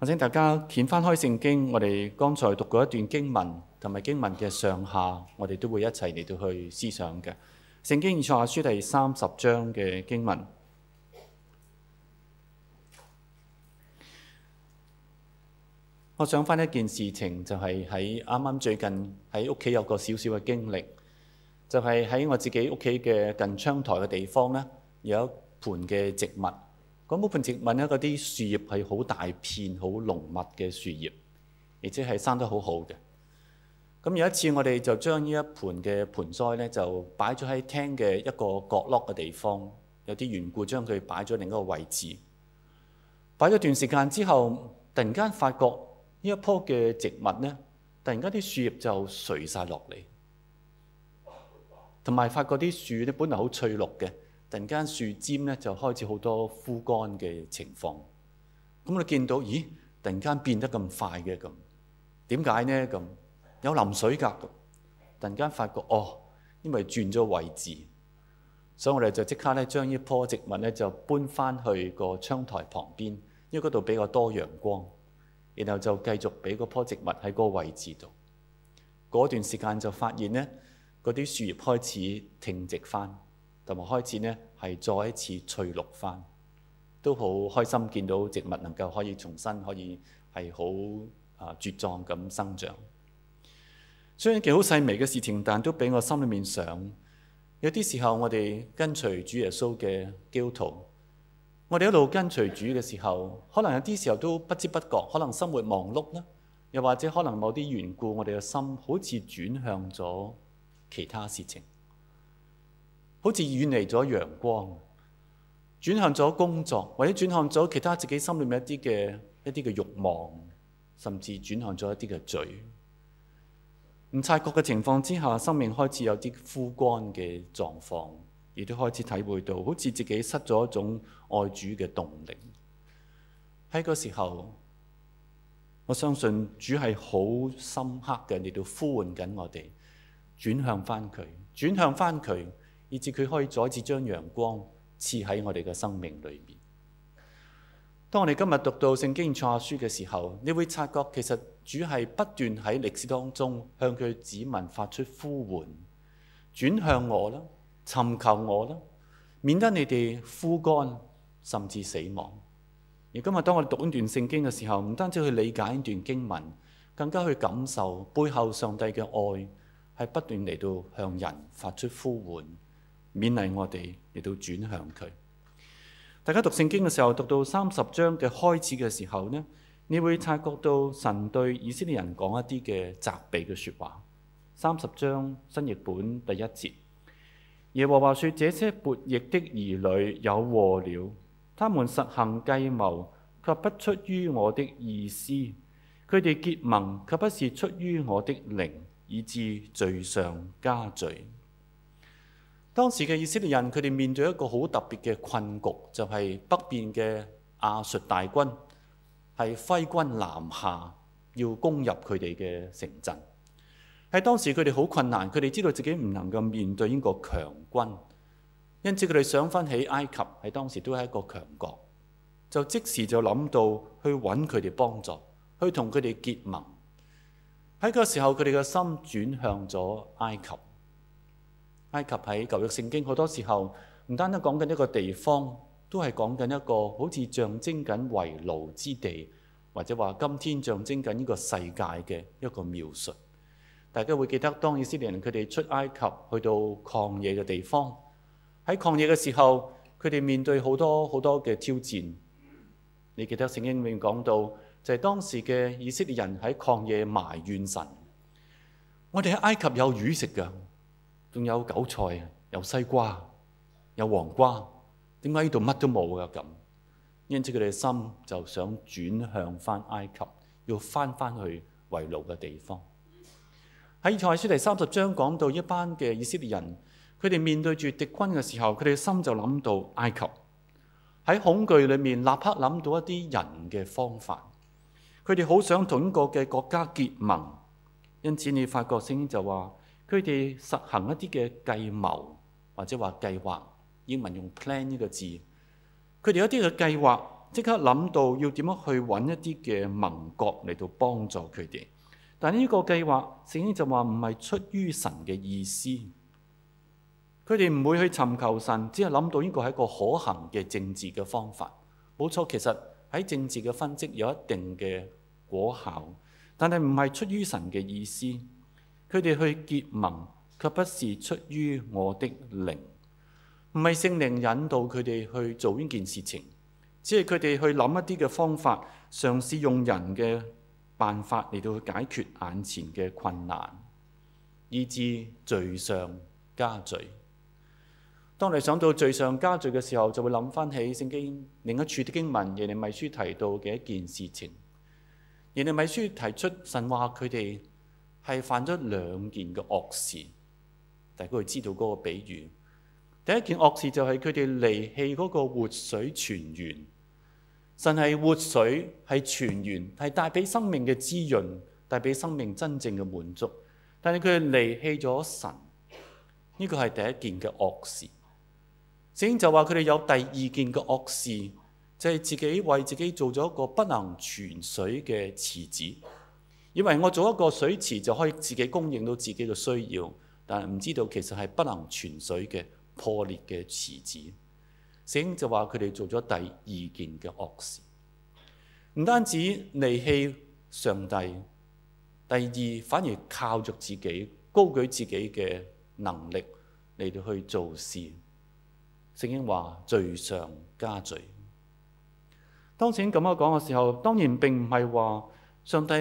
我請大家掀翻開聖經，我哋剛才讀過一段經文，同埋經文嘅上下，我哋都會一齊嚟到去思想嘅。聖經以賽亞書第三十章嘅經文，我想翻一件事情，就係喺啱啱最近喺屋企有個小小嘅經歷，就係、是、喺我自己屋企嘅近窗台嘅地方呢，有一盆嘅植物。嗰一盆植物咧，嗰啲樹葉係好大片、好濃密嘅樹葉，而且係生得好好嘅。咁有一次，我哋就將呢一盆嘅盆栽咧，就擺咗喺廳嘅一個角落嘅地方。有啲緣故，將佢擺咗另一個位置。擺咗段時間之後，突然間發覺呢一棵嘅植物咧，突然間啲樹葉就垂晒落嚟，同埋發覺啲樹咧，本嚟好翠綠嘅。突然間樹尖咧就開始好多枯乾嘅情況，咁你見到，咦？突然間變得咁快嘅咁，點解呢？咁有淋水㗎，突然間發覺，哦，因為轉咗位置，所以我哋就即刻咧將呢棵植物咧就搬翻去個窗台旁邊，因為嗰度比較多陽光，然後就繼續俾嗰棵植物喺嗰個位置度。嗰段時間就發現咧，嗰啲樹葉開始挺直翻。同埋開始咧，係再一次翠綠翻，都好開心見到植物能夠可以重新可以係好啊茁壯咁生長。雖然幾好細微嘅事情，但都俾我心裏面想。有啲時候我哋跟隨主耶穌嘅基督徒，我哋一路跟隨主嘅時候，可能有啲時候都不知不覺，可能生活忙碌啦，又或者可能某啲緣故我，我哋嘅心好似轉向咗其他事情。好似遠離咗陽光，轉向咗工作，或者轉向咗其他自己心裏面一啲嘅一啲嘅慾望，甚至轉向咗一啲嘅罪。唔察覺嘅情況之下，生命開始有啲枯乾嘅狀況，亦都開始體會到好似自己失咗一種愛主嘅動力。喺個時候，我相信主係好深刻嘅，你都呼喚緊我哋轉向翻佢，轉向翻佢。以至佢可以再次將陽光賜喺我哋嘅生命裏面。當我哋今日讀到聖經創下書嘅時候，你會察覺其實主係不斷喺歷史當中向佢子民發出呼喚，轉向我啦，尋求我啦，免得你哋枯乾甚至死亡。而今日當我哋讀呢段聖經嘅時候，唔單止去理解呢段經文，更加去感受背後上帝嘅愛係不斷嚟到向人發出呼喚。勉勵我哋嚟到轉向佢。大家讀聖經嘅時候，讀到三十章嘅開始嘅時候呢，你會察覺到神對以色列人講一啲嘅責備嘅説話。三十章新譯本第一節，耶和華說：這些悖逆的兒女有禍了，他們實行計謀，卻不出於我的意思；佢哋結盟，卻不是出於我的靈，以致罪上加罪。當時嘅以色列人，佢哋面對一個好特別嘅困局，就係北邊嘅亞述大軍係揮軍南下，要攻入佢哋嘅城鎮。喺當時佢哋好困難，佢哋知道自己唔能夠面對呢個強軍，因此佢哋想翻起埃及，喺當時都係一個強國，就即時就諗到去揾佢哋幫助，去同佢哋結盟。喺嗰個時候，佢哋嘅心轉向咗埃及。埃及喺舊約聖經好多時候唔單單講緊一個地方，都係講緊一個好似象徵緊為奴之地，或者話今天象徵緊呢個世界嘅一個描述。大家會記得，當以色列人佢哋出埃及去到曠野嘅地方，喺曠野嘅時候，佢哋面對好多好多嘅挑戰。你記得聖經裡面講到，就係當時嘅以色列人喺曠野埋怨神：我哋喺埃及有魚食㗎。仲有韭菜、有西瓜、有黃瓜。點解呢度乜都冇噶咁？因此佢哋心就想轉向翻埃及，要翻翻去為奴嘅地方。喺《以賽亞書》第三十章講到一班嘅以色列人，佢哋面對住敵軍嘅時候，佢哋心就諗到埃及。喺恐懼裏面，立刻諗到一啲人嘅方法。佢哋好想同呢個嘅國家結盟。因此，你發覺聖經就話。佢哋實行一啲嘅計謀，或者話計劃，英文用 plan 呢個字。佢哋有一啲嘅計劃，即刻諗到要點樣去揾一啲嘅盟國嚟到幫助佢哋。但呢個計劃，聖經就話唔係出於神嘅意思。佢哋唔會去尋求神，只係諗到呢個係一個可行嘅政治嘅方法。冇錯，其實喺政治嘅分析有一定嘅果效，但係唔係出於神嘅意思。佢哋去結盟，卻不，不是出於我的靈，唔係聖靈引導佢哋去做呢件事情，只係佢哋去諗一啲嘅方法，嘗試用人嘅辦法嚟到解決眼前嘅困難，以至罪上加罪。當你想到罪上加罪嘅時候，就會諗翻起聖經另一處的經文，耶利米書提到嘅一件事情。耶利米書提出神話佢哋。係犯咗兩件嘅惡事，大家會知道嗰個比喻。第一件惡事就係佢哋離棄嗰個活水泉源，神係活水，係泉源，係帶俾生命嘅滋潤，帶俾生命真正嘅滿足。但係佢哋離棄咗神，呢、這個係第一件嘅惡事。聖經就話佢哋有第二件嘅惡事，就係、是、自己為自己做咗一個不能存水嘅池子。以為我做一個水池就可以自己供應到自己嘅需要，但係唔知道其實係不能存水嘅破裂嘅池子。聖經就話佢哋做咗第二件嘅惡事，唔單止離棄上帝，第二反而靠著自己高舉自己嘅能力嚟，到去做事。聖經話罪上加罪。當聖經咁樣講嘅時候，當然並唔係話上帝。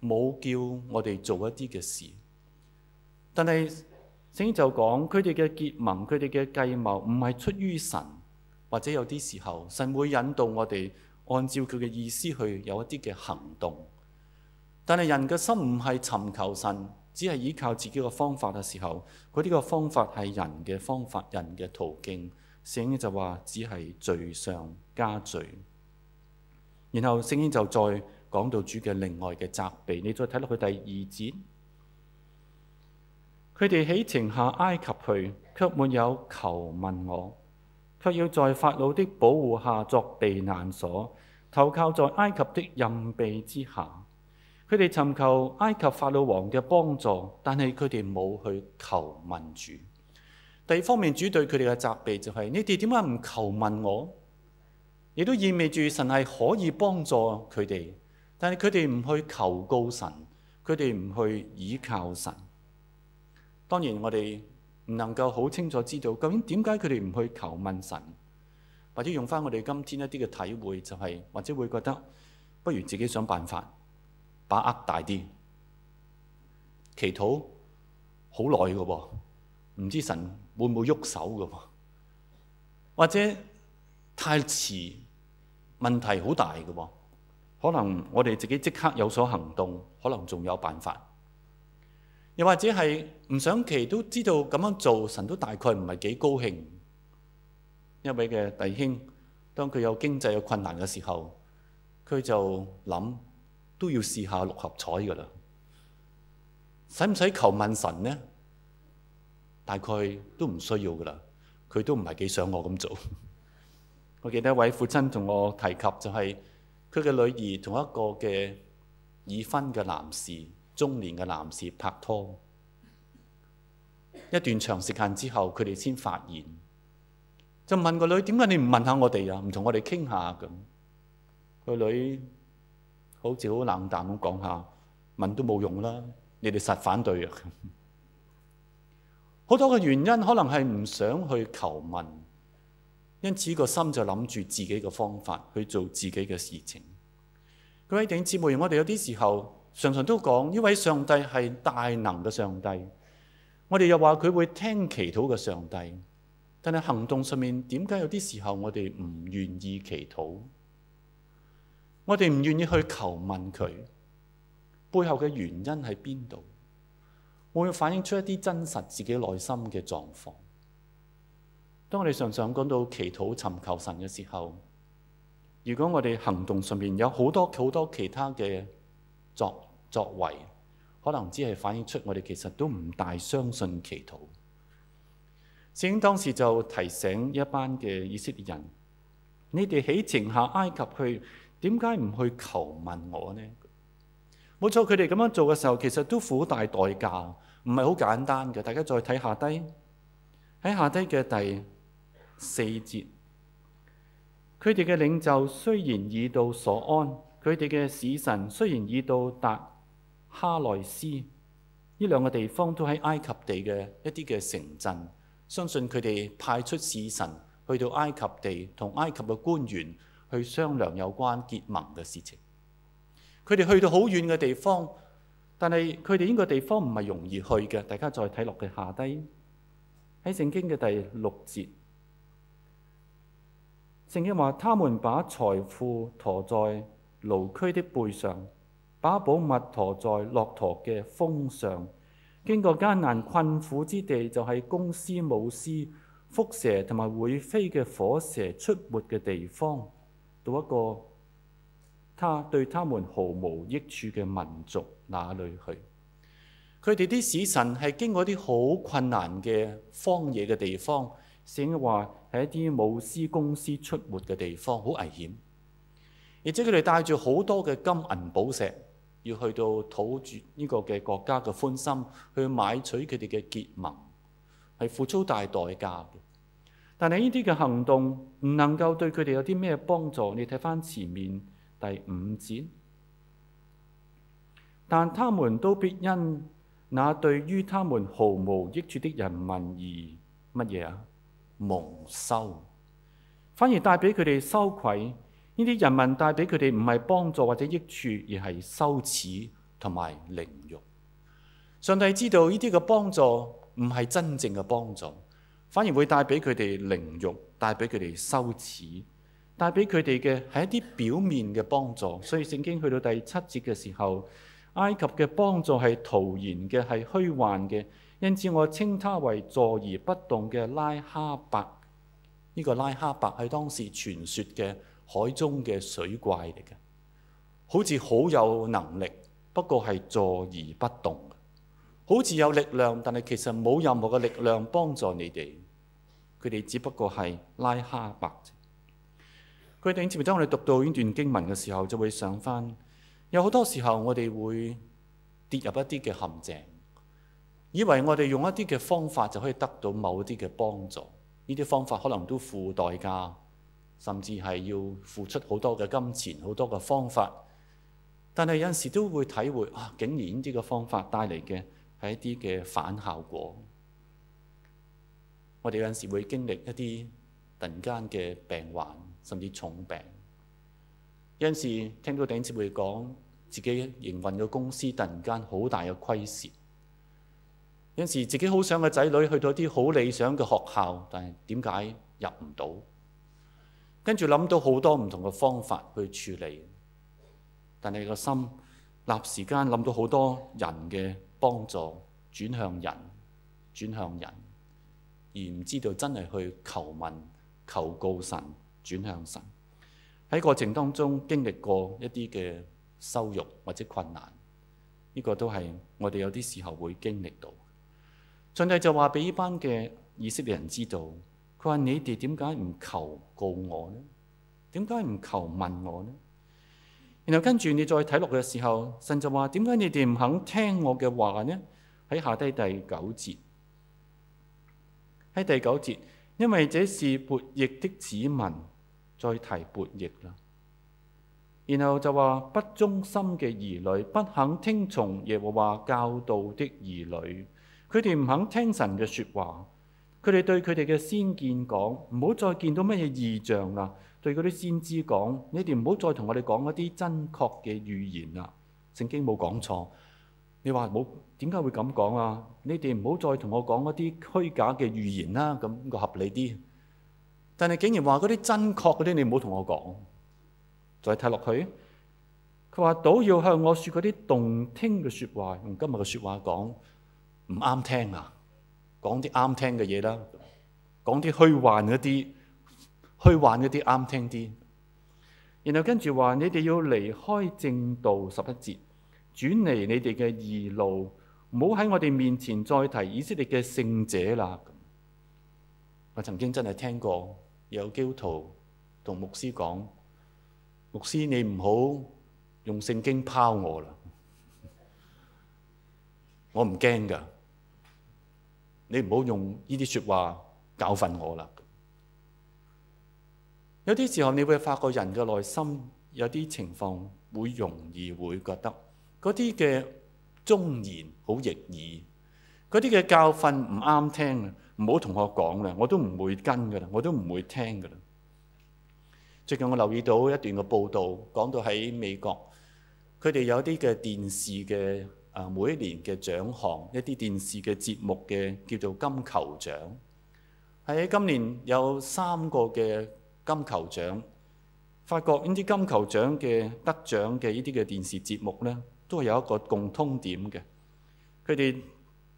冇叫我哋做一啲嘅事，但係聖經就講佢哋嘅結盟、佢哋嘅計謀唔係出於神，或者有啲時候神會引導我哋按照佢嘅意思去有一啲嘅行動，但係人嘅心唔係尋求神，只係依靠自己嘅方法嘅時候，嗰啲嘅方法係人嘅方法、人嘅途徑，聖經就話只係罪上加罪，然後聖經就再。講到主嘅另外嘅責備，你再睇落去第二節，佢哋起程下埃及去，卻沒有求問我，卻要在法老的保護下作避難所，投靠在埃及的蔭庇之下。佢哋尋求埃及法老王嘅幫助，但係佢哋冇去求問主。第二方面，主對佢哋嘅責備就係、是：你哋點解唔求問我？亦都意味住神係可以幫助佢哋。但係佢哋唔去求告神，佢哋唔去倚靠神。當然我哋唔能夠好清楚知道究竟點解佢哋唔去求問神，或者用返我哋今天一啲嘅體會，就是，就係或者會覺得不如自己想辦法，把握大啲。祈禱好耐㗎喎，唔知神會唔會喐手㗎，或者太遲，問題好大㗎喎。可能我哋自己即刻有所行動，可能仲有辦法。又或者係唔想其都知道咁樣做，神都大概唔係幾高興。一位嘅弟兄，當佢有經濟嘅困難嘅時候，佢就諗都要試下六合彩㗎啦。使唔使求問神呢？大概都唔需要㗎啦。佢都唔係幾想我咁做。我記得一位父親同我提及就係、是。佢嘅女兒同一個嘅已婚嘅男士，中年嘅男士拍拖，一段長時間之後，佢哋先發現，就問個女：點解你唔問下我哋啊？唔同我哋傾下咁。個女好似好冷淡咁講下，問都冇用啦。你哋實反對啊！好 多嘅原因可能係唔想去求問。因此個心就諗住自己嘅方法去做自己嘅事情。各位弟兄姊妹，我哋有啲時候常常都講呢位上帝係大能嘅上帝，我哋又話佢會聽祈禱嘅上帝。但係行動上面點解有啲時候我哋唔願意祈禱？我哋唔願意去求問佢，背後嘅原因喺邊度？會唔會反映出一啲真實自己內心嘅狀況？當我哋常常講到祈禱、尋求神嘅時候，如果我哋行動上面有好多好多其他嘅作作為，可能只係反映出我哋其實都唔大相信祈禱。聖經當時就提醒一班嘅以色列人，你哋起程下埃及去，點解唔去求問我呢？冇錯，佢哋咁樣做嘅時候，其實都付大代價，唔係好簡單嘅。大家再睇下低，喺下低嘅第。四節，佢哋嘅領袖雖然已到所安，佢哋嘅使臣雖然已到達哈奈斯。呢兩個地方都喺埃及地嘅一啲嘅城鎮。相信佢哋派出使臣去到埃及地，同埃及嘅官員去商量有關結盟嘅事情。佢哋去到好遠嘅地方，但係佢哋呢個地方唔係容易去嘅。大家再睇落嘅下低，喺聖經嘅第六節。正因為他們把財富駝在驢駒的背上，把寶物駝在駱駝嘅峯上，經過艱難困苦之地，就係、是、公獅、母獅、蝮蛇同埋會飛嘅火蛇出沒嘅地方，到一個他對他們毫無益處嘅民族那裡去。佢哋啲使臣係經過啲好困難嘅荒野嘅地方。成日話喺一啲母獅公獅出沒嘅地方，好危險。而且佢哋帶住好多嘅金銀寶石，要去到討住呢個嘅國家嘅歡心，去買取佢哋嘅結盟，係付出大代價嘅。但係呢啲嘅行動唔能夠對佢哋有啲咩幫助。你睇翻前面第五節，但他們都必因那對於他們毫無益處的人民而乜嘢啊？蒙羞，反而帶俾佢哋羞愧。呢啲人民帶俾佢哋唔係幫助或者益處，而係羞恥同埋凌辱。上帝知道呢啲嘅幫助唔係真正嘅幫助，反而會帶俾佢哋凌辱，帶俾佢哋羞恥，帶俾佢哋嘅係一啲表面嘅幫助。所以聖經去到第七節嘅時候，埃及嘅幫助係徒然嘅，係虛幻嘅。因此，我稱他為坐而不動嘅拉哈伯。呢個拉哈伯係當時傳説嘅海中嘅水怪嚟嘅，好似好有能力，不過係坐而不動。好似有力量，但係其實冇任何嘅力量幫助你哋。佢哋只不過係拉哈伯。佢哋之前我哋讀到呢段經文嘅時候，就會想翻。有好多時候，我哋會跌入一啲嘅陷阱。以為我哋用一啲嘅方法就可以得到某啲嘅幫助，呢啲方法可能都付代價，甚至係要付出好多嘅金錢、好多嘅方法。但係有陣時都會體會啊，竟然呢啲嘅方法帶嚟嘅係一啲嘅反效果。我哋有陣時會經歷一啲突然間嘅病患，甚至重病。有陣時聽到頂哲會講自己營運嘅公司突然間好大嘅虧蝕。有陣時，自己好想個仔女去到一啲好理想嘅學校，但係點解入唔到？跟住諗到好多唔同嘅方法去處理，但係個心立時間諗到好多人嘅幫助，轉向人，轉向人，而唔知道真係去求問、求告神，轉向神喺過程當中經歷過一啲嘅羞辱或者困難，呢個都係我哋有啲時候會經歷到。上帝就話俾呢班嘅以色列人知道，佢話，你哋點解唔求告我呢？點解唔求問我呢？」然後跟住你再睇落嘅時候，神就話，點解你哋唔肯聽我嘅話呢？喺下低第九節，喺第九節，因為這是悖逆的子民，再提悖逆啦。然後就話不忠心嘅兒女，不肯聽從耶和華教導的兒女。佢哋唔肯聽神嘅説話，佢哋對佢哋嘅先見講唔好再見到乜嘢異象啦。對嗰啲先知講，你哋唔好再同我哋講一啲真確嘅預言啦。聖經冇講錯，你話冇點解會咁講啊？你哋唔好再同我講一啲虛假嘅預言啦，咁個合理啲。但係竟然話嗰啲真確嗰啲，你唔好同我講，再睇落去，佢話倒要向我説嗰啲動聽嘅説話，用今日嘅説話講。唔啱聽啊！講啲啱聽嘅嘢啦，講啲虛幻一啲，虛幻一啲啱聽啲。然後跟住話，你哋要離開正道，十一節，轉嚟你哋嘅二路，唔好喺我哋面前再提以色列嘅聖者啦。我曾經真係聽過有基督徒同牧師講，牧師你唔好用聖經拋我啦，我唔驚噶。你唔好用呢啲説話教訓我啦。有啲時候，你會發覺人嘅內心有啲情況會容易會覺得嗰啲嘅忠言好逆耳，嗰啲嘅教訓唔啱聽啊，唔好同我講啦，我都唔會跟噶啦，我都唔會聽噶啦。最近我留意到一段嘅報導，講到喺美國，佢哋有啲嘅電視嘅。啊！每一年嘅獎項，一啲電視嘅節目嘅叫做金球獎。喺今年有三個嘅金球獎，發覺呢啲金球獎嘅得獎嘅呢啲嘅電視節目咧，都係有一個共通點嘅。佢哋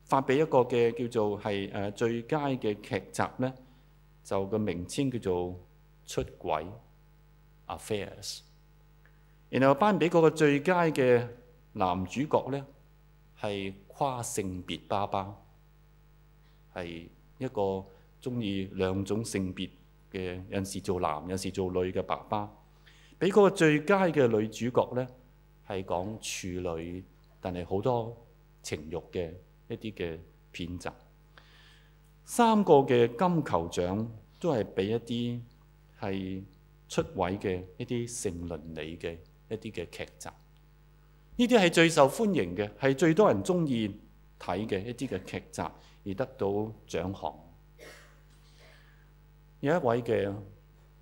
發俾一個嘅叫做係誒最佳嘅劇集咧，就個名稱叫做《出軌 Affairs》，然後頒俾嗰個最佳嘅男主角咧，係跨性別爸爸，係一個中意兩種性別嘅，有時做男，有時做女嘅爸爸。俾嗰個最佳嘅女主角咧，係講處女，但係好多情慾嘅一啲嘅片集。三個嘅金球獎都係俾一啲係出位嘅一啲性倫理嘅一啲嘅劇集。呢啲係最受歡迎嘅，係最多人中意睇嘅一啲嘅劇集，而得到獎項。有一位嘅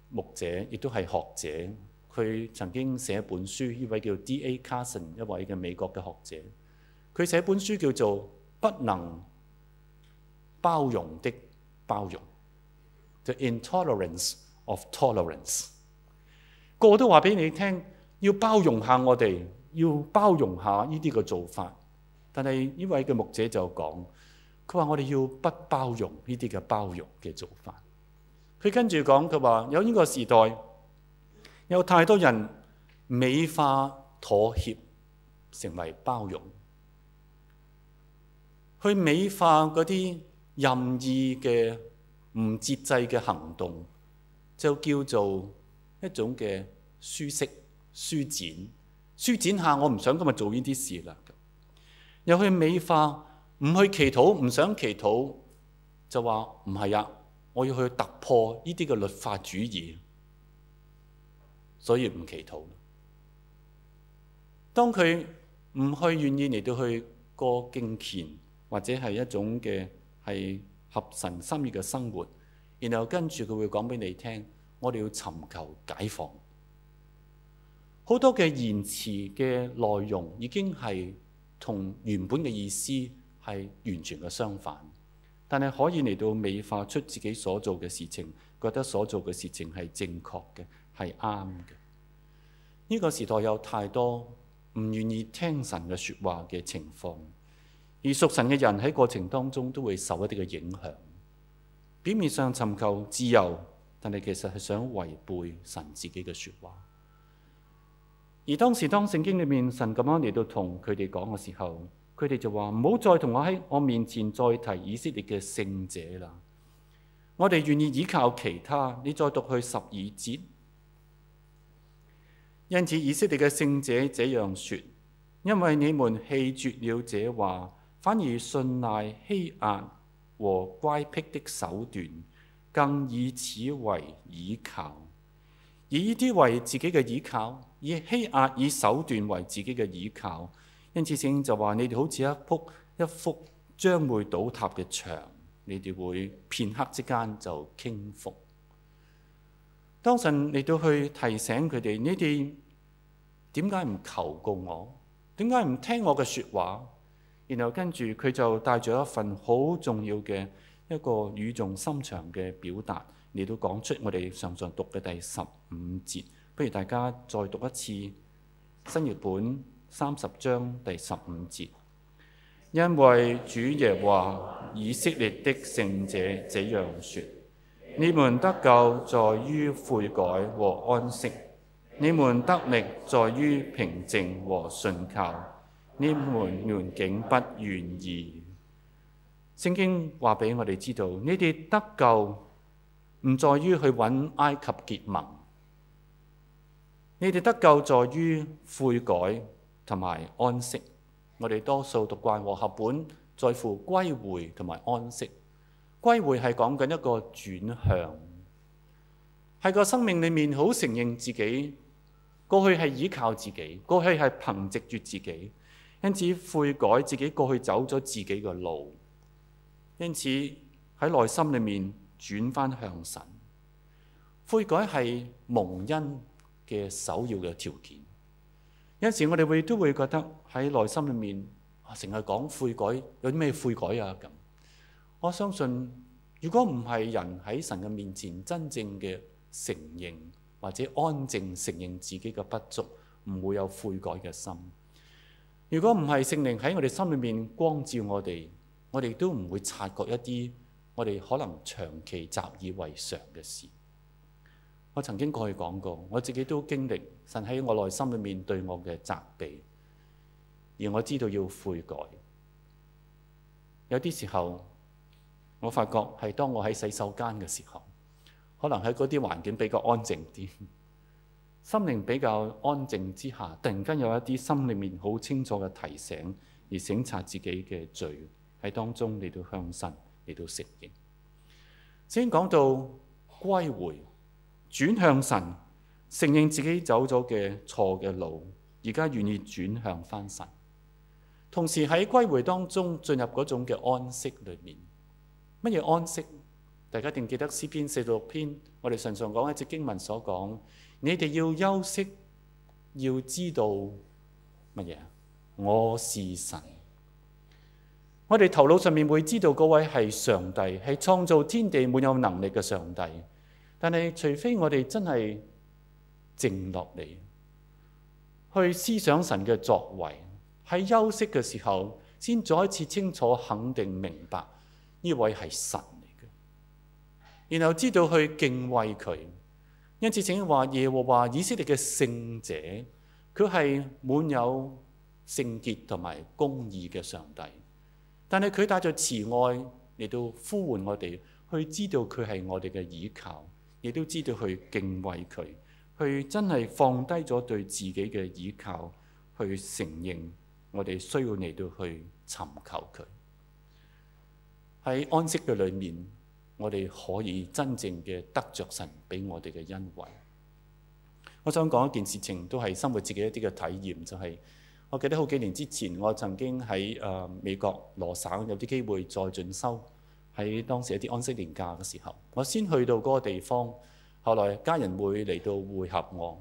牧者，亦都係學者，佢曾經寫一本書。呢位叫 D. A. Carson，一位嘅美國嘅學者，佢寫本書叫做《不能包容的包容》。The intolerance of tolerance。個個都話俾你聽，要包容下我哋。要包容下呢啲嘅做法，但係呢位嘅牧者就講，佢話我哋要不包容呢啲嘅包容嘅做法。佢跟住講，佢話有呢個時代，有太多人美化妥協成為包容，去美化嗰啲任意嘅唔節制嘅行動，就叫做一種嘅舒適舒展。舒展下，我唔想今日做呢啲事啦。又去美化，唔去祈禱，唔想祈禱，就話唔係啊，我要去突破呢啲嘅律法主義。所以唔祈禱。當佢唔去願意嚟到去過敬虔，或者係一種嘅係合神心意嘅生活，然後跟住佢會講俾你聽，我哋要尋求解放。好多嘅言辭嘅內容已經係同原本嘅意思係完全嘅相反，但係可以嚟到美化出自己所做嘅事情，覺得所做嘅事情係正確嘅，係啱嘅。呢個時代有太多唔願意聽神嘅說話嘅情況，而屬神嘅人喺過程當中都會受一啲嘅影響。表面上尋求自由，但係其實係想違背神自己嘅說話。而當時，當聖經裏面神咁樣嚟到同佢哋講嘅時候，佢哋就話：唔好再同我喺我面前再提以色列嘅聖者啦。我哋願意依靠其他。你再讀去十二節，因此以色列嘅聖者這樣説：因為你們棄絕了這話，反而信賴欺壓和乖僻的手段，更以此為倚靠，以呢啲為自己嘅倚靠。以欺壓、以手段為自己嘅倚靠，因此聖經就話：你哋好似一幅一幅將會倒塌嘅牆，你哋會片刻之間就傾覆。當神，你都去提醒佢哋：你哋點解唔求告我？點解唔聽我嘅説話？然後跟住佢就帶咗一份好重要嘅一個語重心長嘅表達，嚟到講出我哋上上讀嘅第十五節。歡迎大家再讀一次新譯本三十章第十五節，因為主耶和華以色列的聖者這樣說：你們得救在於悔改和安息，你們得力在於平靜和信靠，你們環境不願意。聖經話俾我哋知道，你哋得救唔在於去揾埃及結盟。你哋得救，在於悔改同埋安息。我哋多數讀慣和合本，在乎歸回同埋安息。歸回係講緊一個轉向，喺個生命裏面好承認自己過去係依靠自己，過去係憑藉住自己，因此悔改自己過去走咗自己嘅路，因此喺內心裏面轉返向神。悔改係蒙恩嘅首要嘅條件，有陣時我哋會都會覺得喺內心裏面，成日講悔改，有啲咩悔改啊？咁。我相信，如果唔係人喺神嘅面前真正嘅承認，或者安靜承認自己嘅不足，唔會有悔改嘅心。如果唔係聖靈喺我哋心裏面光照我哋，我哋都唔會察覺一啲我哋可能長期習以為常嘅事。我曾經過去講過，我自己都經歷神喺我內心裏面對我嘅責備，而我知道要悔改。有啲時候，我發覺係當我喺洗手間嘅時候，可能喺嗰啲環境比較安靜啲，心靈比較安靜之下，突然間有一啲心裏面好清楚嘅提醒，而省察自己嘅罪喺當中，你都向神，你都承認。先講到歸回。轉向神，承認自己走咗嘅錯嘅路，而家願意轉向翻神。同時喺歸回當中進入嗰種嘅安息裏面。乜嘢安息？大家一定記得詩篇四六篇，我哋常常講一隻經文所講：你哋要休息，要知道乜嘢？我是神。我哋頭腦上面會知道嗰位係上帝，係創造天地滿有能力嘅上帝。但係，除非我哋真係靜落嚟，去思想神嘅作為，喺休息嘅時候，先再一次清楚肯定明白呢位係神嚟嘅，然後知道去敬畏佢。因此正話，耶和華以色列嘅聖者，佢係滿有聖潔同埋公義嘅上帝。但係佢帶着慈愛嚟到呼喚我哋，去知道佢係我哋嘅倚靠。亦都知道去敬畏佢，去真係放低咗對自己嘅倚靠，去承認我哋需要嚟到去尋求佢。喺安息嘅裏面，我哋可以真正嘅得着神俾我哋嘅恩惠。我想講一件事情，都係生活自己一啲嘅體驗，就係、是、我記得好幾年之前，我曾經喺誒美國羅省有啲機會再進修。喺當時一啲安息年假嘅時候，我先去到嗰個地方，後來家人會嚟到會合我。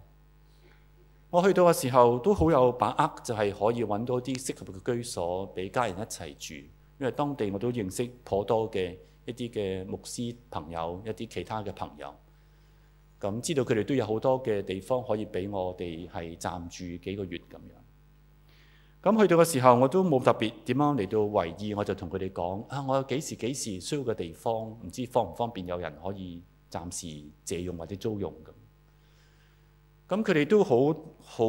我去到嘅時候都好有把握，就係可以揾到啲適合嘅居所俾家人一齊住，因為當地我都認識頗多嘅一啲嘅牧師朋友，一啲其他嘅朋友，咁知道佢哋都有好多嘅地方可以俾我哋係暫住幾個月咁樣。咁去到嘅時候，我都冇特別點樣嚟到為意，我就同佢哋講啊，我有幾時幾時需要嘅地方，唔知方唔方便有人可以暫時借用或者租用咁。咁佢哋都好好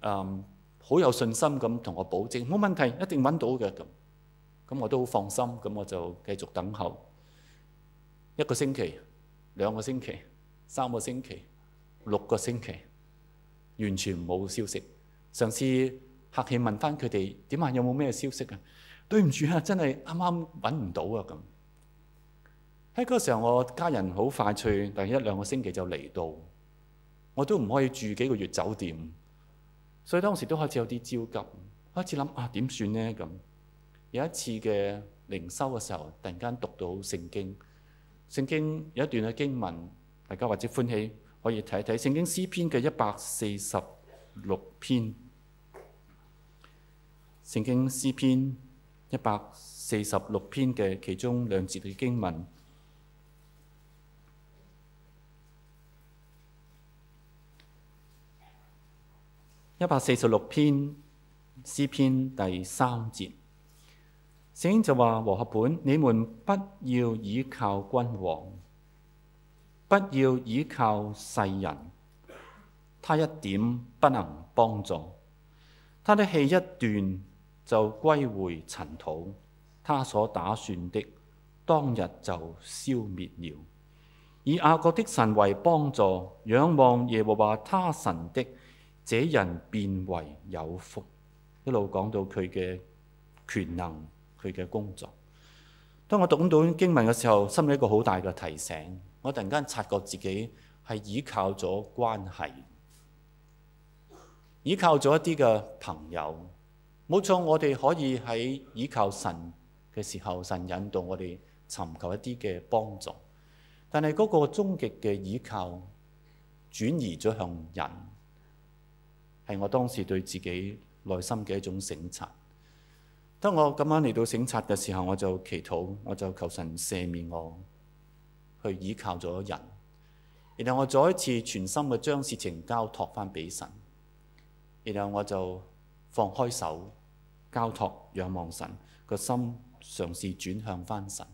誒，好有信心咁同我保證冇問題，一定揾到嘅咁。咁我都好放心，咁我就繼續等候一個星期、兩個星期、三個星期、六個星期，完全冇消息。上次。客氣問翻佢哋點啊？有冇咩消息啊？對唔住啊，真係啱啱揾唔到啊！咁喺嗰個時候，我家人好快脆，但係一兩個星期就嚟到，我都唔可以住幾個月酒店，所以當時都開始有啲焦急，開始諗啊點算呢？咁有一次嘅靈修嘅時候，突然間讀到聖經，聖經有一段嘅經文，大家或者歡喜可以睇一睇聖經詩篇嘅一百四十六篇。聖經詩篇一百四十六篇嘅其中兩節嘅經文，一百四十六篇詩篇第三節，聖經就話：和合本，你們不要倚靠君王，不要倚靠世人，他一點不能幫助，他的氣一斷，就歸回塵土，他所打算的當日就消滅了。以雅各的神為幫助，仰望耶和華他神的這人便為有福。一路講到佢嘅權能，佢嘅工作。當我讀到經文嘅時候，心裏一個好大嘅提醒。我突然間察覺自己係倚靠咗關係，倚靠咗一啲嘅朋友。冇錯，我哋可以喺依靠神嘅時候，神引導我哋尋求一啲嘅幫助。但係嗰個終極嘅依靠轉移咗向人，係我當時對自己內心嘅一種省察。當我咁樣嚟到省察嘅時候，我就祈禱，我就求神赦免我，去依靠咗人。然後我再一次全心嘅將事情交託翻俾神。然後我就放開手。交託仰望神個心，嘗試轉向返神。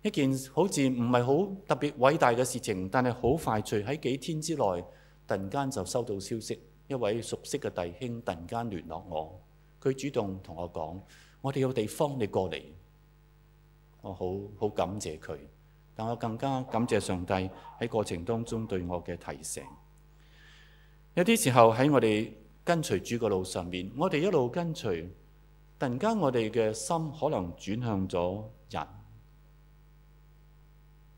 一件好似唔係好特別偉大嘅事情，但係好快脆喺幾天之內，突然間就收到消息，一位熟悉嘅弟兄突然間聯絡我，佢主動同我講：我哋有地方，你過嚟。我好好感謝佢，但我更加感謝上帝喺過程當中對我嘅提醒。有啲時候喺我哋。跟隨主嘅路上面，我哋一路跟隨，突然間我哋嘅心可能轉向咗人。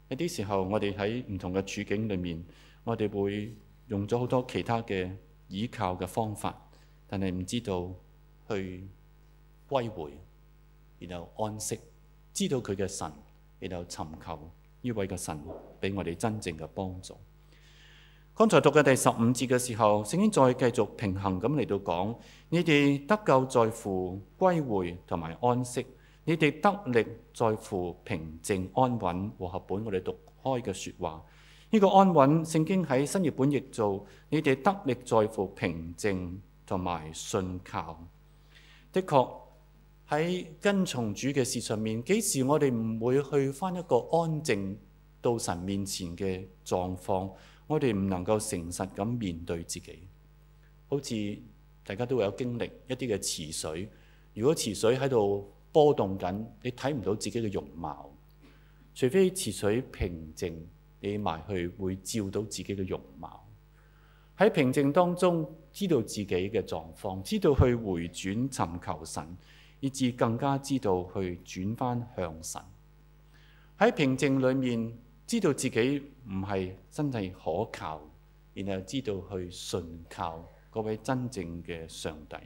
有啲時候我哋喺唔同嘅處境裏面，我哋會用咗好多其他嘅倚靠嘅方法，但係唔知道去歸回，然後安息，知道佢嘅神，然後尋求呢位嘅神，俾我哋真正嘅幫助。剛才讀嘅第十五節嘅時候，聖經再繼續平衡咁嚟到講：你哋得救在乎歸回同埋安息，你哋得力在乎平靜安穩。和合本我哋讀開嘅說話，呢、這個安穩，聖經喺新譯本譯做：你哋得力在乎平靜同埋信靠。的確喺跟從主嘅事上面，幾時我哋唔會去返一個安靜到神面前嘅狀況？我哋唔能夠誠實咁面對自己，好似大家都會有經歷一啲嘅池水。如果池水喺度波動緊，你睇唔到自己嘅容貌。除非池水平靜，你埋去會照到自己嘅容貌。喺平靜當中，知道自己嘅狀況，知道去回轉尋求神，以至更加知道去轉翻向神。喺平靜裡面。知道自己唔係真係可靠，然後知道去信靠嗰位真正嘅上帝。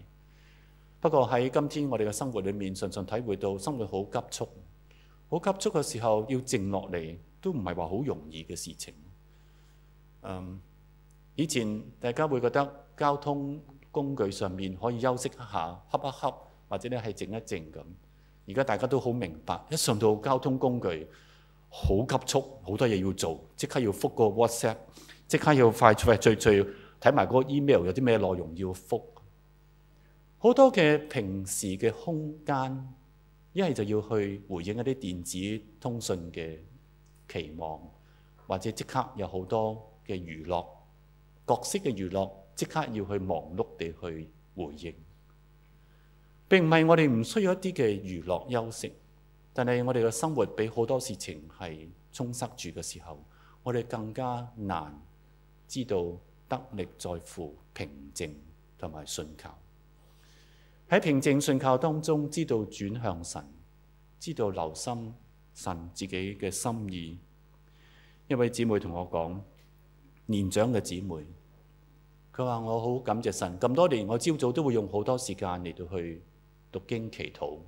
不過喺今天我哋嘅生活裏面，常常體會到生活好急促，好急促嘅時候要靜落嚟都唔係話好容易嘅事情。嗯，以前大家會覺得交通工具上面可以休息一下，瞌一瞌，或者咧係靜一靜咁。而家大家都好明白，一上到交通工具。好急促，好多嘢要做，即刻要覆個 WhatsApp，即刻要快快脆脆睇埋嗰個 email 有啲咩內容要覆，好多嘅平時嘅空間，一係就要去回應一啲電子通訊嘅期望，或者即刻有好多嘅娛樂，各式嘅娛樂即刻要去忙碌地去回應，並唔係我哋唔需要一啲嘅娛樂休息。但係我哋嘅生活俾好多事情係充塞住嘅時候，我哋更加難知道得力在乎平靜同埋信靠。喺平靜信靠當中，知道轉向神，知道留心神自己嘅心意。一位姊妹同我講，年長嘅姊妹，佢話我好感謝神，咁多年，我朝早都會用好多時間嚟到去讀經祈禱。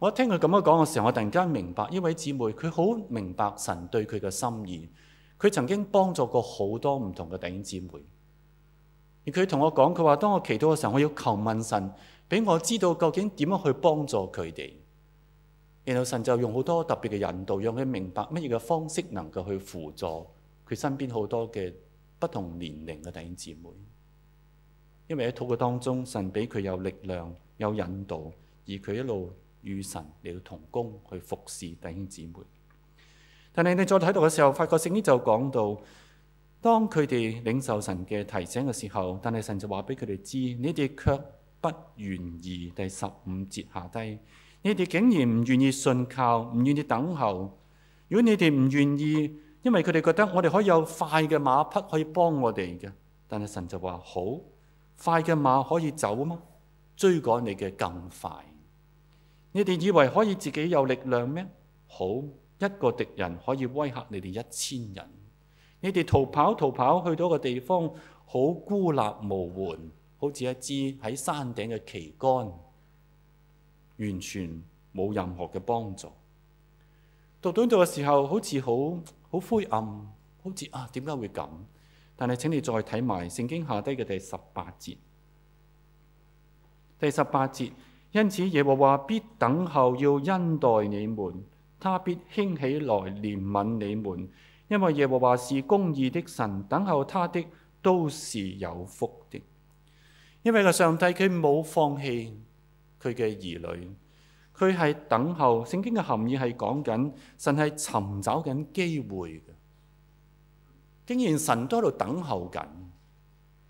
我聽佢咁樣講嘅時候，我突然間明白一位姊妹，佢好明白神對佢嘅心意。佢曾經幫助過好多唔同嘅弟兄姊妹，而佢同我講：佢話當我祈禱嘅時候，我要求問神俾我知道究竟點樣去幫助佢哋。然後神就用好多特別嘅引導，讓佢明白乜嘢嘅方式能夠去輔助佢身邊好多嘅不同年齡嘅弟兄姊妹。因為喺禱告當中，神俾佢有力量、有引導，而佢一路。與神你要同工，去服侍弟兄姊妹。但係你再睇到嘅時候，發覺聖經就講到，當佢哋領受神嘅提醒嘅時候，但係神就話俾佢哋知，你哋却不願意。第十五節下低，你哋竟然唔願意信靠，唔願意等候。如果你哋唔願意，因為佢哋覺得我哋可以有快嘅馬匹可以幫我哋嘅，但係神就話好，快嘅馬可以走啊嘛，追趕你嘅更快。你哋以為可以自己有力量咩？好，一個敵人可以威嚇你哋一千人。你哋逃跑，逃跑，去到個地方，好孤立無援，好似一支喺山頂嘅旗桿，完全冇任何嘅幫助。讀到呢度嘅時候，好似好好灰暗，好似啊，點解會咁？但係請你再睇埋聖經下低嘅第十八節，第十八節。因此，耶和華必等候要恩待你們，他必興起來憐憫你們。因為耶和華是公義的神，等候他的都是有福的。因為個上帝佢冇放棄佢嘅兒女，佢係等候。聖經嘅含義係講緊神係尋找緊機會嘅。既然神都喺度等候緊，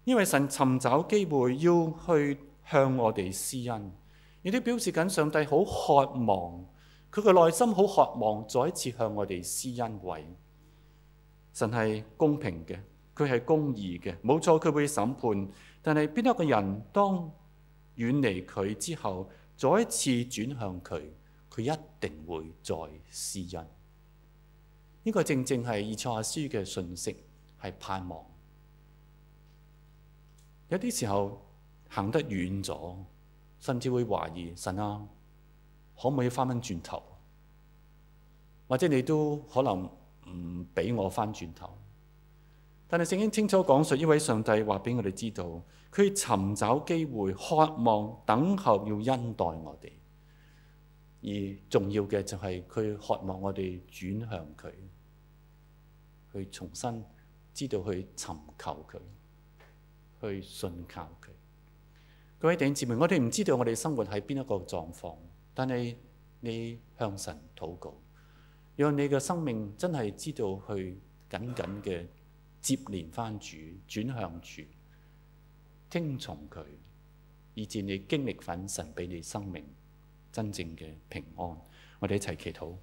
因為神尋找機會要去向我哋施恩。亦都表示緊，上帝好渴望，佢嘅內心好渴望再一次向我哋施恩惠。神係公平嘅，佢係公義嘅，冇錯，佢會審判。但係邊一個人當遠離佢之後，再一次轉向佢，佢一定會再施恩。呢、這個正正係《以賽亞書》嘅信息，係盼望。有啲時候行得遠咗。甚至會懷疑神啊，可唔可以翻返轉頭？或者你都可能唔俾我翻轉頭。但係聖經清楚講述，呢位上帝話俾我哋知道，佢尋找機會，渴望等候要恩待我哋。而重要嘅就係佢渴望我哋轉向佢，去重新知道去尋求佢，去信靠佢。各位弟兄姊妹，我哋唔知道我哋生活喺邊一個狀況，但係你，你向神禱告，讓你嘅生命真係知道去緊緊嘅接連返主，轉向主，聽從佢，以至你經歷返神俾你生命真正嘅平安。我哋一齊祈禱。